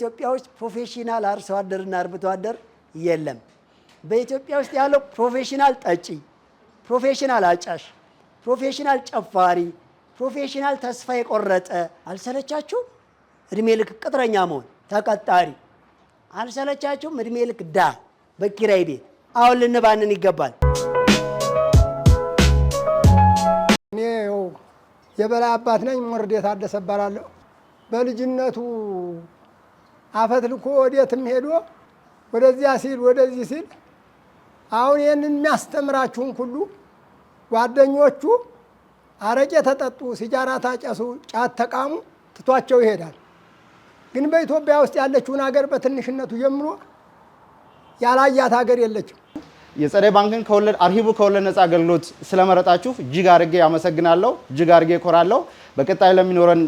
በኢትዮጵያ ውስጥ ፕሮፌሽናል አርሶ አደርና አርብቶ አደር የለም። በኢትዮጵያ ውስጥ ያለው ፕሮፌሽናል ጠጪ፣ ፕሮፌሽናል አጫሽ፣ ፕሮፌሽናል ጨፋሪ፣ ፕሮፌሽናል ተስፋ የቆረጠ አልሰለቻችሁም? እድሜ ልክ ቅጥረኛ መሆን ተቀጣሪ አልሰለቻችሁም? እድሜ ልክ ዳ በኪራይ ቤት አሁን ልንባንን ይገባል። እኔ የበላይ አባት ነኝ። ሞርዴ ታደሰ እባላለሁ። በልጅነቱ አፈትልኮ ወዴትም ሄዶ ወደዚያ ሲል ወደዚህ ሲል አሁን ይህንን የሚያስተምራችሁን ሁሉ ጓደኞቹ አረቄ ተጠጡ፣ ሲጃራ ታጨሱ፣ ጫት ተቃሙ ትቷቸው ይሄዳል። ግን በኢትዮጵያ ውስጥ ያለችውን ሀገር በትንሽነቱ ጀምሮ ያላያት ሀገር የለችም። የፀደይ ባንክን ከወለድ አርሂቡ ከወለድ ነፃ አገልግሎት ስለመረጣችሁ እጅግ አርጌ አመሰግናለሁ። እጅግ አርጌ እኮራለሁ። በቀጣይ ለሚኖረን